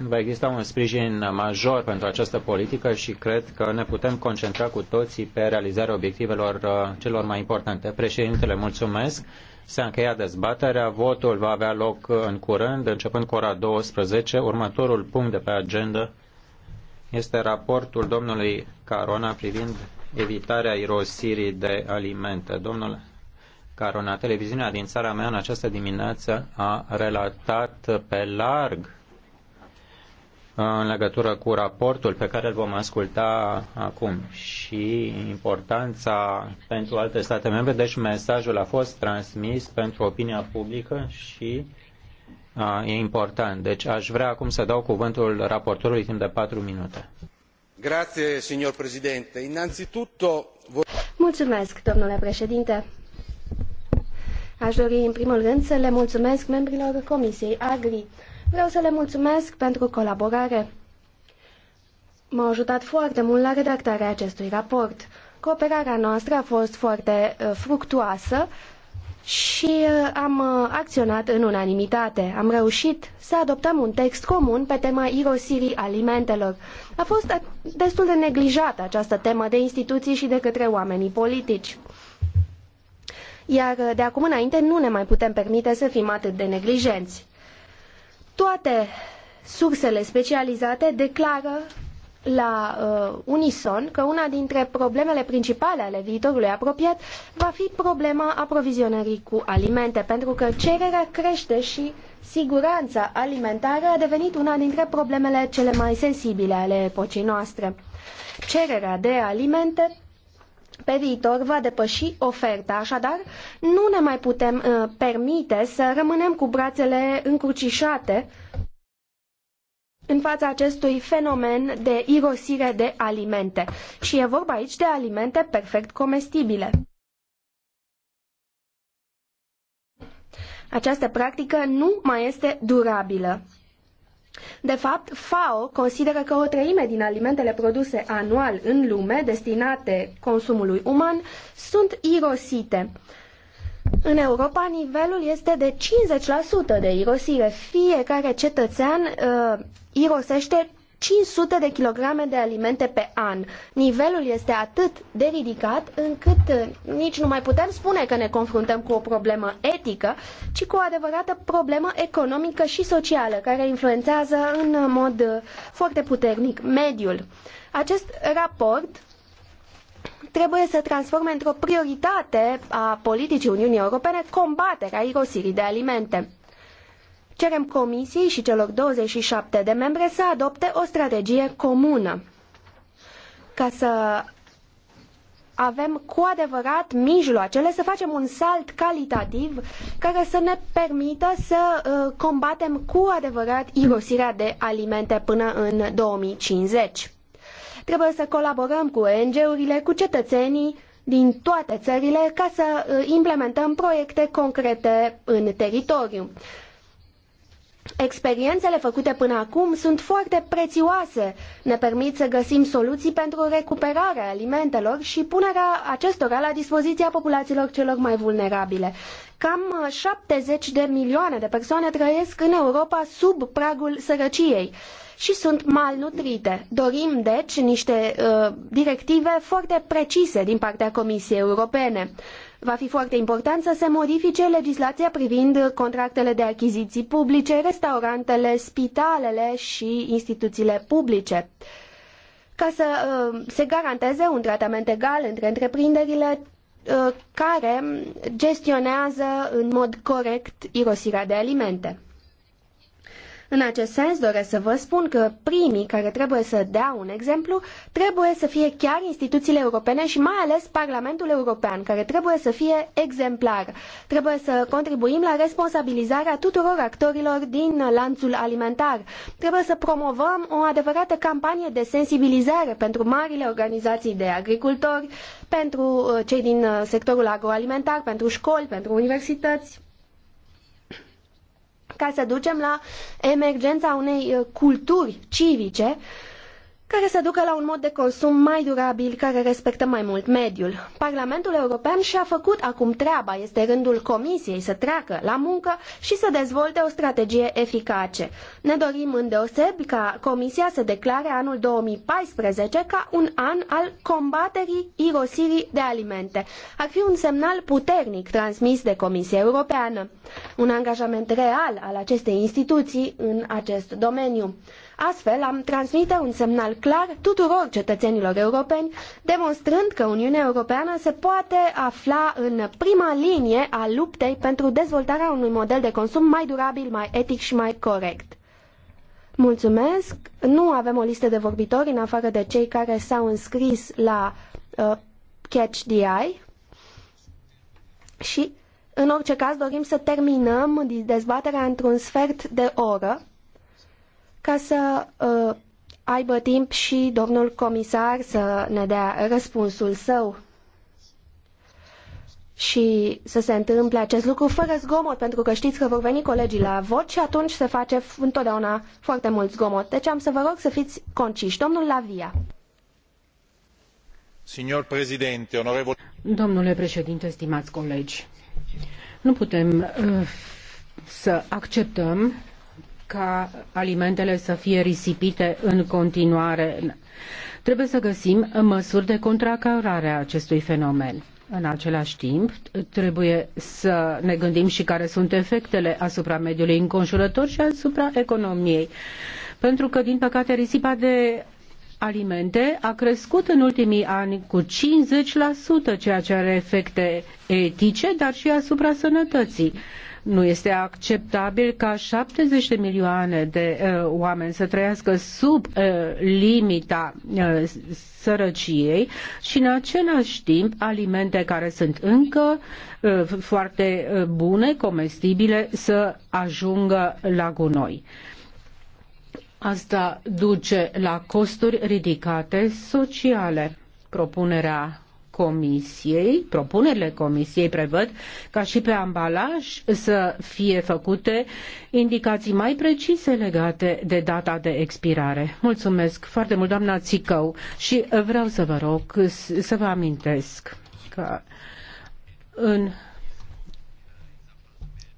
Va exista un sprijin major pentru această politică și cred că ne putem concentra cu toții pe realizarea obiectivelor uh, celor mai importante. Președintele, mulțumesc. S-a încheiat dezbaterea. Votul va avea loc uh, în curând, începând cu ora 12. Următorul punct de pe agenda este raportul domnului Carona privind evitarea irosirii de alimente. Domnul Carona, televiziunea din țara mea în această dimineață a relatat pe larg în legătură cu raportul pe care îl vom asculta acum și importanța pentru alte state membre. Deci mesajul a fost transmis pentru opinia publică și a, e important. Deci aș vrea acum să dau cuvântul raportorului timp de patru minute. Grazie, signor Presidente. Innanzitutto... Mulțumesc, domnule președinte. Aș dori în primul rând să le mulțumesc membrilor Comisiei Agri Vreau să le mulțumesc pentru colaborare. M-au ajutat foarte mult la redactarea acestui raport. Cooperarea noastră a fost foarte uh, fructuoasă și uh, am uh, acționat în unanimitate. Am reușit să adoptăm un text comun pe tema irosirii alimentelor. A fost destul de neglijată această temă de instituții și de către oamenii politici. Iar de acum înainte nu ne mai putem permite să fim atât de neglijenți. Toate sursele specializate declară la uh, unison că una dintre problemele principale ale viitorului apropiat va fi problema aprovizionării cu alimente, pentru că cererea crește și siguranța alimentară a devenit una dintre problemele cele mai sensibile ale epocii noastre. Cererea de alimente pe viitor va depăși oferta, așadar nu ne mai putem uh, permite să rămânem cu brațele încrucișate în fața acestui fenomen de irosire de alimente. Și e vorba aici de alimente perfect comestibile. Această practică nu mai este durabilă. De fapt, FAO consideră că o treime din alimentele produse anual în lume, destinate consumului uman, sunt irosite. În Europa, nivelul este de 50% de irosire. Fiecare cetățean uh, irosește 500 de kilograme de alimente pe an. Nivelul este atât de ridicat încât uh, nici nu mai putem spune că ne confruntăm cu o problemă etică, ci cu o adevărată problemă economică și socială, care influențează în mod uh, foarte puternic mediul. Acest raport trebuie să transforme într-o prioritate a politicii Uniunii Europene combaterea irosirii de alimente. Cerem Comisiei și celor 27 de membre să adopte o strategie comună ca să avem cu adevărat mijloacele să facem un salt calitativ care să ne permită să uh, combatem cu adevărat irosirea de alimente până în 2050. Trebuie să colaborăm cu ONG-urile, cu cetățenii din toate țările ca să uh, implementăm proiecte concrete în teritoriu. Experiențele făcute până acum sunt foarte prețioase. Ne permit să găsim soluții pentru recuperarea alimentelor și punerea acestora la dispoziția populațiilor celor mai vulnerabile. Cam 70 de milioane de persoane trăiesc în Europa sub pragul sărăciei și sunt malnutrite. Dorim, deci, niște uh, directive foarte precise din partea Comisiei Europene. Va fi foarte important să se modifice legislația privind contractele de achiziții publice, restaurantele, spitalele și instituțiile publice. Ca să uh, se garanteze un tratament egal între întreprinderile Uh, care gestionează în mod corect irosirea de alimente. În acest sens, doresc să vă spun că primii care trebuie să dea un exemplu trebuie să fie chiar instituțiile europene și mai ales Parlamentul European, care trebuie să fie exemplar. Trebuie să contribuim la responsabilizarea tuturor actorilor din lanțul alimentar. Trebuie să promovăm o adevărată campanie de sensibilizare pentru marile organizații de agricultori, pentru uh, cei din uh, sectorul agroalimentar, pentru școli, pentru universități ca să ducem la emergența unei uh, culturi civice care să ducă la un mod de consum mai durabil, care respectă mai mult mediul. Parlamentul European și-a făcut acum treaba, este rândul Comisiei să treacă la muncă și să dezvolte o strategie eficace. Ne dorim îndeosebi ca Comisia să declare anul 2014 ca un an al combaterii irosirii de alimente. Ar fi un semnal puternic transmis de Comisia Europeană, un angajament real al acestei instituții în acest domeniu. Astfel, am transmite un semnal clar tuturor cetățenilor europeni, demonstrând că Uniunea Europeană se poate afla în prima linie a luptei pentru dezvoltarea unui model de consum mai durabil, mai etic și mai corect. Mulțumesc. Nu avem o listă de vorbitori în afară de cei care s-au înscris la uh, Catch the Eye. Și, în orice caz, dorim să terminăm dezbaterea într-un sfert de oră ca să uh, aibă timp și domnul comisar să ne dea răspunsul său și să se întâmple acest lucru fără zgomot, pentru că știți că vor veni colegii la vot și atunci se face întotdeauna foarte mult zgomot. Deci am să vă rog să fiți conciși. Domnul Lavia. Signor președinte, onorevole... Domnule președinte, stimați colegi, nu putem uh, să acceptăm ca alimentele să fie risipite în continuare. Trebuie să găsim măsuri de contracarare a acestui fenomen. În același timp, trebuie să ne gândim și care sunt efectele asupra mediului înconjurător și asupra economiei. Pentru că, din păcate, risipa de alimente a crescut în ultimii ani cu 50%, ceea ce are efecte etice, dar și asupra sănătății. Nu este acceptabil ca 70 de milioane de uh, oameni să trăiască sub uh, limita uh, sărăciei și în același timp alimente care sunt încă uh, foarte uh, bune, comestibile, să ajungă la gunoi. Asta duce la costuri ridicate sociale. Propunerea Comisiei, propunerile Comisiei prevăd ca și pe ambalaj să fie făcute indicații mai precise legate de data de expirare. Mulțumesc foarte mult, doamna Țicău, și vreau să vă rog să vă amintesc că în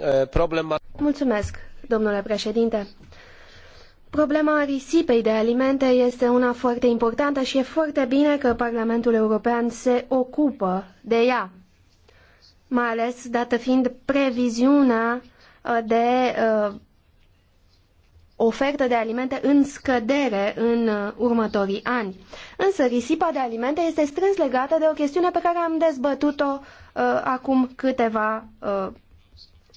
Eh, problema... Mulțumesc, domnule președinte. Problema risipei de alimente este una foarte importantă și e foarte bine că Parlamentul European se ocupă de ea, mai ales dată fiind previziunea eh, de eh, ofertă de alimente în scădere în următorii ani. Însă risipa de alimente este strâns legată de o chestiune pe care am dezbătut-o uh, acum câteva uh,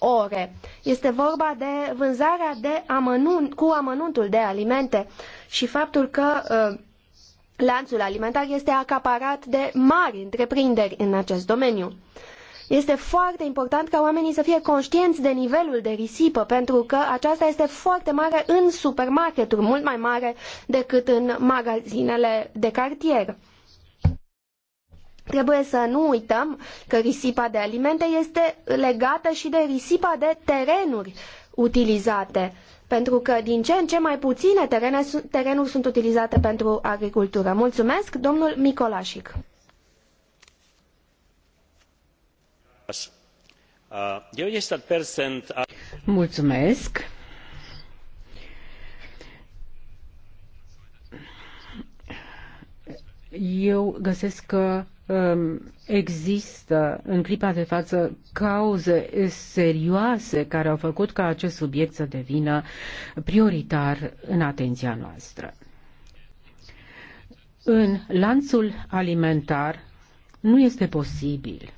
ore. Este vorba de vânzarea de amănunt, cu amănuntul de alimente și faptul că uh, lanțul alimentar este acaparat de mari întreprinderi în acest domeniu. Este foarte important ca oamenii să fie conștienți de nivelul de risipă, pentru că aceasta este foarte mare în supermarketuri, mult mai mare decât în magazinele de cartier. Trebuie să nu uităm că risipa de alimente este legată și de risipa de terenuri utilizate, pentru că din ce în ce mai puține terene, terenuri sunt utilizate pentru agricultură. Mulțumesc, domnul Micolașic. Mulțumesc. Eu găsesc că Um, există în clipa de față cauze serioase care au făcut ca acest subiect să devină prioritar în atenția noastră. În lanțul alimentar nu este posibil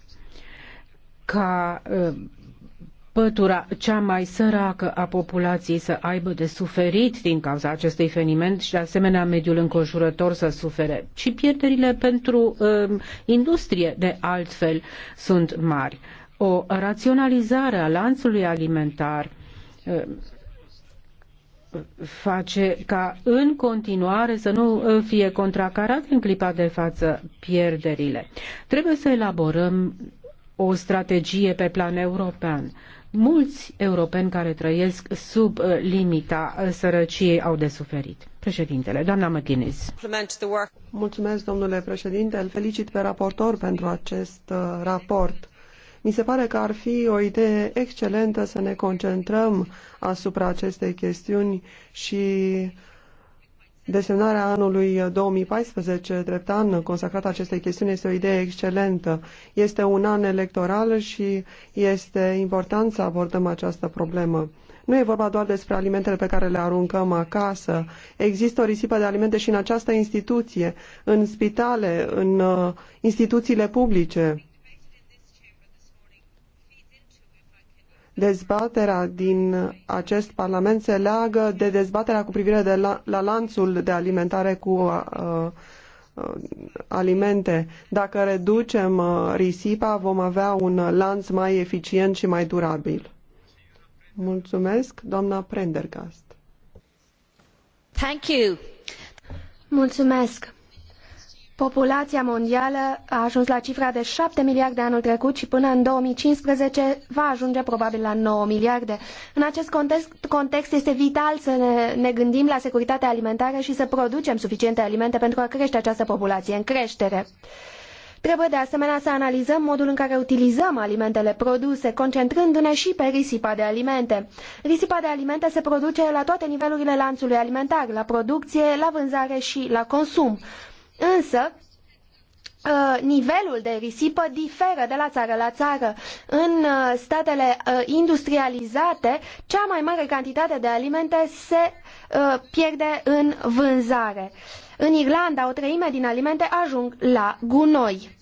ca um, pătura cea mai săracă a populației să aibă de suferit din cauza acestui eveniment și de asemenea mediul înconjurător să sufere. Și pierderile pentru uh, industrie de altfel sunt mari. O raționalizare a lanțului alimentar um, face ca în continuare să nu uh, fie contracarat în clipa de față pierderile. Trebuie să elaborăm o strategie pe plan european mulți europeni care trăiesc sub uh, limita uh, sărăciei au de suferit. Președintele, doamna McGuinness. Mulțumesc, domnule președinte. Îl felicit pe raportor pentru acest uh, raport. Mi se pare că ar fi o idee excelentă să ne concentrăm asupra acestei chestiuni și Desemnarea anului 2014, uh, drept an consacrat acestei chestiuni, este o idee excelentă. Este un an electoral și este important să abordăm această problemă. Nu e vorba doar despre alimentele pe care le aruncăm acasă. Există o risipă de alimente și în această instituție, în spitale, în uh, instituțiile publice. dezbaterea din acest Parlament se leagă de dezbaterea cu privire de la, la lanțul de alimentare cu uh, uh, alimente. Dacă reducem uh, risipa, vom avea un lanț mai eficient și mai durabil. Mulțumesc, doamna Prendergast. Thank you. Mulțumesc. Populația mondială a ajuns la cifra de 7 miliarde anul trecut și până în 2015 va ajunge probabil la 9 miliarde. În acest context, context este vital să ne, ne gândim la securitatea alimentară și să producem suficiente alimente pentru a crește această populație în creștere. Trebuie de asemenea să analizăm modul în care utilizăm alimentele produse, concentrându-ne și pe risipa de alimente. Risipa de alimente se produce la toate nivelurile lanțului alimentar, la producție, la vânzare și la consum. Însă, ă, nivelul de risipă diferă de la țară la țară. În ă, statele ă, industrializate, cea mai mare cantitate de alimente se pierde în vânzare. În Irlanda, o treime din alimente ajung la gunoi,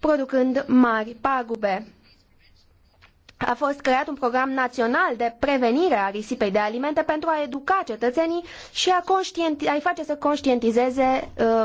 producând mari pagube. A fost creat un program național de prevenire a risipei de alimente pentru a educa cetățenii și a, a-i face să conștientizeze uh,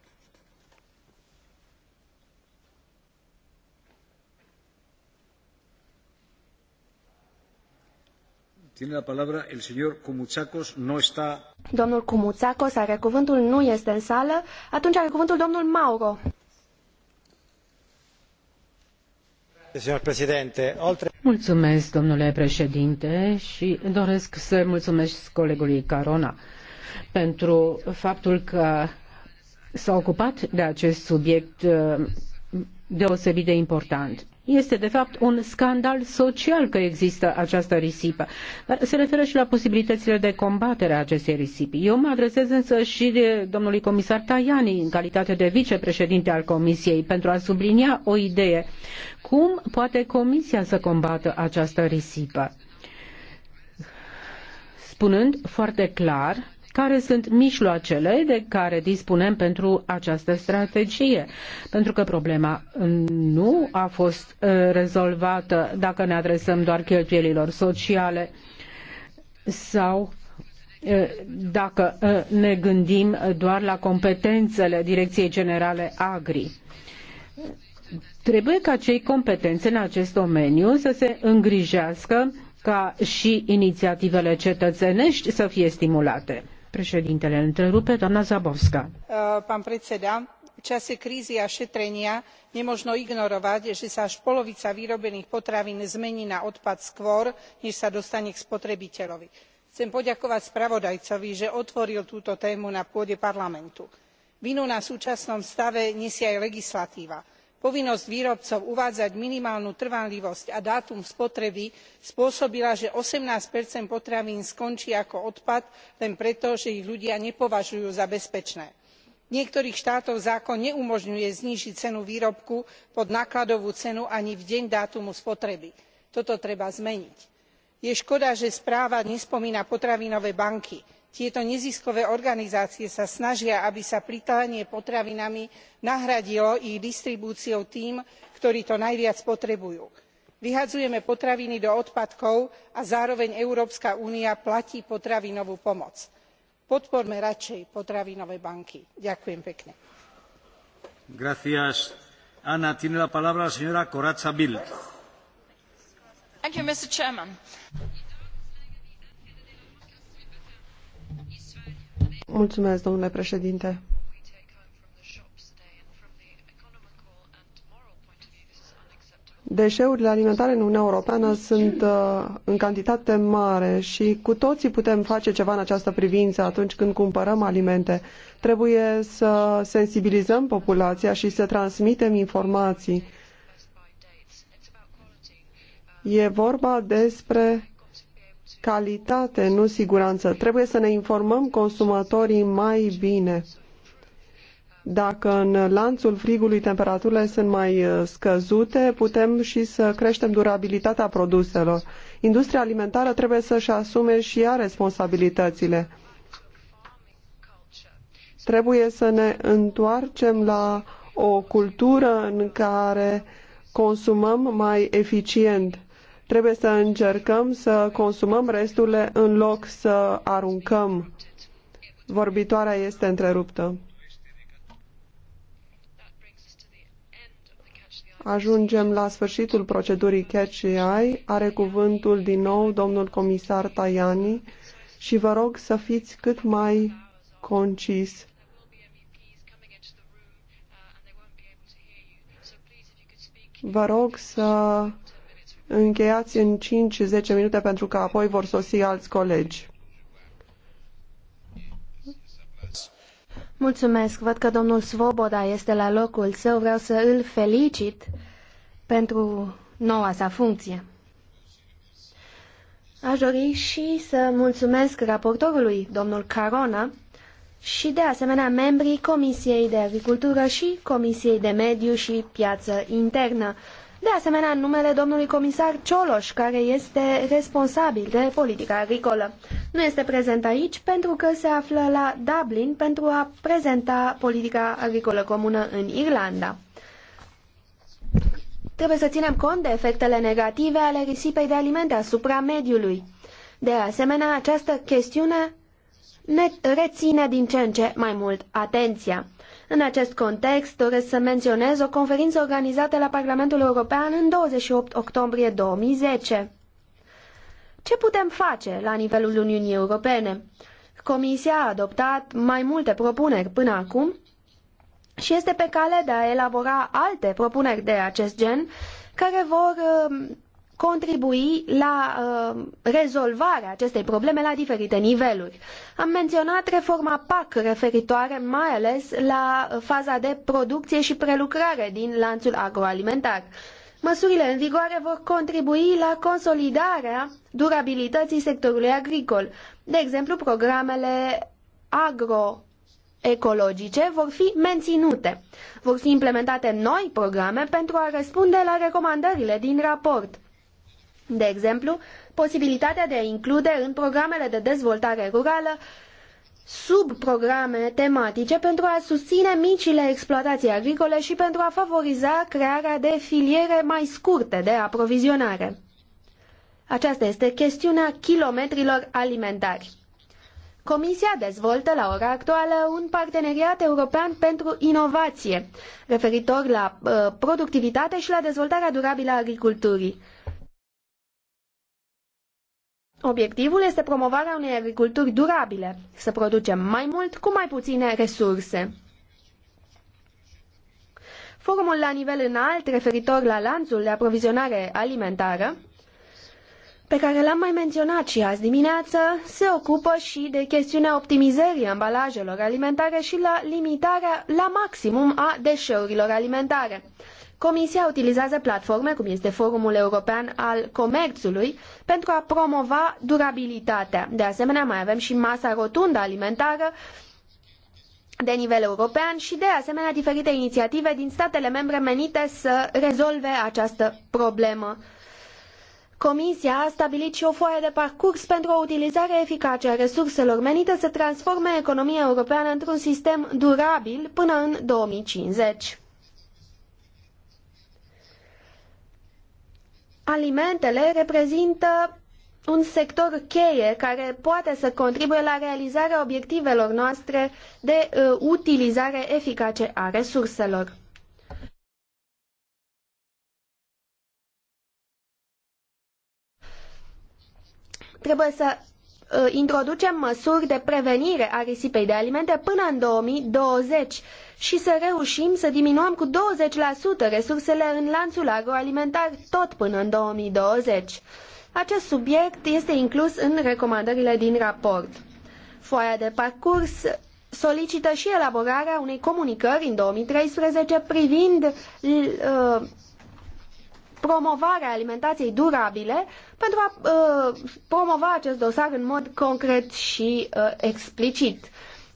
Domnul Comutsacos are cuvântul, nu este în sală. Atunci are cuvântul domnul Mauro. Mulțumesc, domnule președinte, și doresc să mulțumesc colegului Carona pentru faptul că s-a ocupat de acest subiect uh, deosebit de important. Este, de fapt, un scandal social că există această risipă. Dar se referă și la posibilitățile de combatere a acestei risipi. Eu mă adresez însă și de domnului comisar Tajani, în calitate de vicepreședinte al Comisiei, pentru a sublinia o idee. Cum poate Comisia să combată această risipă? Spunând foarte clar care sunt mijloacele de care dispunem pentru această strategie. Pentru că problema nu a fost uh, rezolvată dacă ne adresăm doar cheltuielilor sociale sau uh, dacă uh, ne gândim doar la competențele Direcției Generale Agri. Trebuie ca cei competențe în acest domeniu să se îngrijească ca și inițiativele cetățenești să fie stimulate. Președintele întrerupe, doamna Zabovska. Uh, Pán predseda, v čase krízy a šetrenia nemožno ignorovať, že sa až polovica vyrobených potravín zmení na odpad skôr, než sa dostane k spotrebiteľovi. Chcem poďakovať spravodajcovi, že otvoril túto tému na pôde parlamentu. Vinu na súčasnom stave nesie aj legislatíva povinnosť výrobcov uvádzať minimálnu trvanlivosť a dátum spotreby spôsobila že eighteen potravín skončí ako odpad len preto že ich ľudia nepovažujú za bezpečné. v niektorých štátoch zákon neumožňuje znížiť cenu výrobku pod nákladovú cenu ani v deň dátumu spotreby. toto treba zmeniť. je škoda že správa nespomína potravinové banky tieto neziskové organizácie sa snažia aby sa plytvanie potravinami nahradilo ich distribúciou tým ktorí to najviac potrebujú. vyhadzujeme potraviny do odpadkov a zároveň európska únia platí potravinovú pomoc. podporme radšej potravinové banky. ďakujem pekne. Mulțumesc, domnule președinte. Deșeurile alimentare în Uniunea Europeană sunt uh, în cantitate mare și cu toții putem face ceva în această privință atunci când cumpărăm alimente. Trebuie să sensibilizăm populația și să transmitem informații. E vorba despre calitate, nu siguranță. Trebuie să ne informăm consumatorii mai bine. Dacă în lanțul frigului temperaturile sunt mai uh, scăzute, putem și să creștem durabilitatea produselor. Industria alimentară trebuie să-și asume și ea responsabilitățile. Trebuie să ne întoarcem la o cultură în care consumăm mai eficient Trebuie să încercăm să consumăm resturile în loc să aruncăm. Vorbitoarea este întreruptă. Ajungem la sfârșitul procedurii Catch the Eye. Are cuvântul din nou domnul comisar Tajani și vă rog să fiți cât mai concis. Vă rog să încheiați în 5-10 minute pentru că apoi vor sosi alți colegi. Mulțumesc. Văd că domnul Svoboda este la locul său. Vreau să îl felicit pentru noua sa funcție. Aș dori și să mulțumesc raportorului, domnul Carona, și de asemenea membrii Comisiei de Agricultură și Comisiei de Mediu și Piață Internă de asemenea în numele domnului comisar Cioloș, care este responsabil de politica agricolă. Nu este prezent aici pentru că se află la Dublin pentru a prezenta politica agricolă comună în Irlanda. Trebuie să ținem cont de efectele negative ale risipei de alimente asupra mediului. De asemenea, această chestiune ne reține din ce în ce mai mult atenția. În acest context, doresc să menționez o conferință organizată la Parlamentul European în 28 octombrie 2010. Ce putem face la nivelul Uniunii Europene? Comisia a adoptat mai multe propuneri până acum și este pe cale de a elabora alte propuneri de acest gen care vor contribui la uh, rezolvarea acestei probleme la diferite niveluri. Am menționat reforma PAC referitoare mai ales la faza de producție și prelucrare din lanțul agroalimentar. Măsurile în vigoare vor contribui la consolidarea durabilității sectorului agricol. De exemplu, programele agro ecologice vor fi menținute. Vor fi implementate noi programe pentru a răspunde la recomandările din raport. De exemplu, posibilitatea de a include în programele de dezvoltare rurală subprograme tematice pentru a susține micile exploatații agricole și pentru a favoriza crearea de filiere mai scurte de aprovizionare. Aceasta este chestiunea kilometrilor alimentari. Comisia dezvoltă la ora actuală un parteneriat european pentru inovație, referitor la uh, productivitate și la dezvoltarea durabilă a agriculturii. Obiectivul este promovarea unei agriculturi durabile, să producem mai mult cu mai puține resurse. Forumul la nivel înalt referitor la lanțul de aprovizionare alimentară, pe care l-am mai menționat și azi dimineață, se ocupă și de chestiunea optimizării ambalajelor alimentare și la limitarea la maximum a deșeurilor alimentare. Comisia utilizează platforme, cum este Forumul European al Comerțului, pentru a promova durabilitatea. De asemenea, mai avem și masa rotundă alimentară de nivel european și, de asemenea, diferite inițiative din statele membre menite să rezolve această problemă. Comisia a stabilit și o foaie de parcurs pentru o utilizare eficace a resurselor menite să transforme economia europeană într-un sistem durabil până în 2050. alimentele reprezintă un sector cheie care poate să contribuie la realizarea obiectivelor noastre de uh, utilizare eficace a resurselor. Trebuie să Uh, introducem măsuri de prevenire a risipei de alimente până în 2020 și să reușim să diminuăm cu 20% resursele în lanțul agroalimentar tot până în 2020. Acest subiect este inclus în recomandările din raport. Foaia de parcurs solicită și elaborarea unei comunicări în 2013 privind uh, promovarea alimentației durabile pentru a uh, promova acest dosar în mod concret și uh, explicit.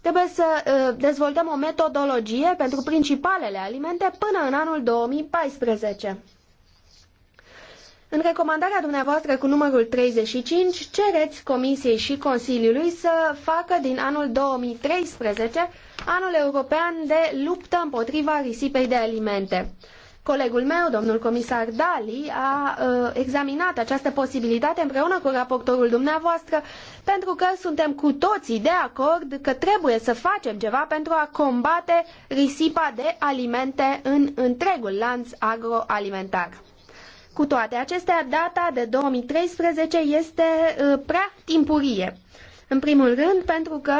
Trebuie să uh, dezvoltăm o metodologie pentru principalele alimente până în anul 2014. În recomandarea dumneavoastră cu numărul 35, cereți Comisiei și Consiliului să facă din anul 2013 anul european de luptă împotriva risipei de alimente. Colegul meu, domnul comisar Dali, a uh, examinat această posibilitate împreună cu raportorul dumneavoastră, pentru că suntem cu toții de acord că trebuie să facem ceva pentru a combate risipa de alimente în întregul lanț agroalimentar. Cu toate acestea, data de 2013 este uh, prea timpurie. În primul rând, pentru că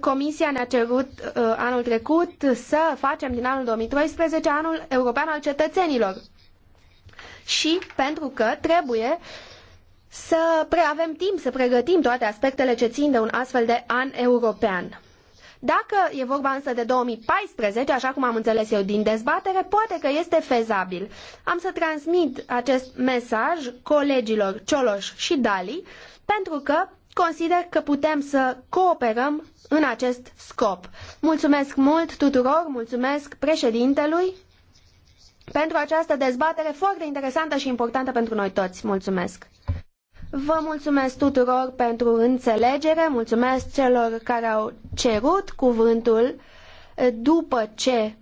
Comisia ne-a cerut uh, anul trecut să facem din anul 2012 anul european al cetățenilor. Și pentru că trebuie să preavem timp să pregătim toate aspectele ce țin de un astfel de an european. Dacă e vorba însă de 2014, așa cum am înțeles eu din dezbatere, poate că este fezabil. Am să transmit acest mesaj colegilor Cioloș și Dali, pentru că Consider că putem să cooperăm în acest scop. Mulțumesc mult tuturor, mulțumesc președintelui pentru această dezbatere foarte interesantă și importantă pentru noi toți. Mulțumesc! Vă mulțumesc tuturor pentru înțelegere, mulțumesc celor care au cerut cuvântul după ce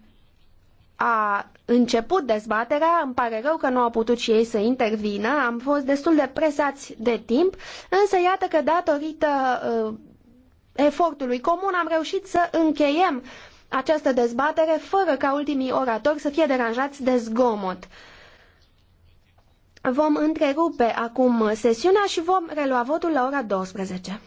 a început dezbaterea, îmi pare rău că nu au putut și ei să intervină, am fost destul de presați de timp, însă iată că datorită uh, efortului comun am reușit să încheiem această dezbatere fără ca ultimii oratori să fie deranjați de zgomot. Vom întrerupe acum sesiunea și vom relua votul la ora 12.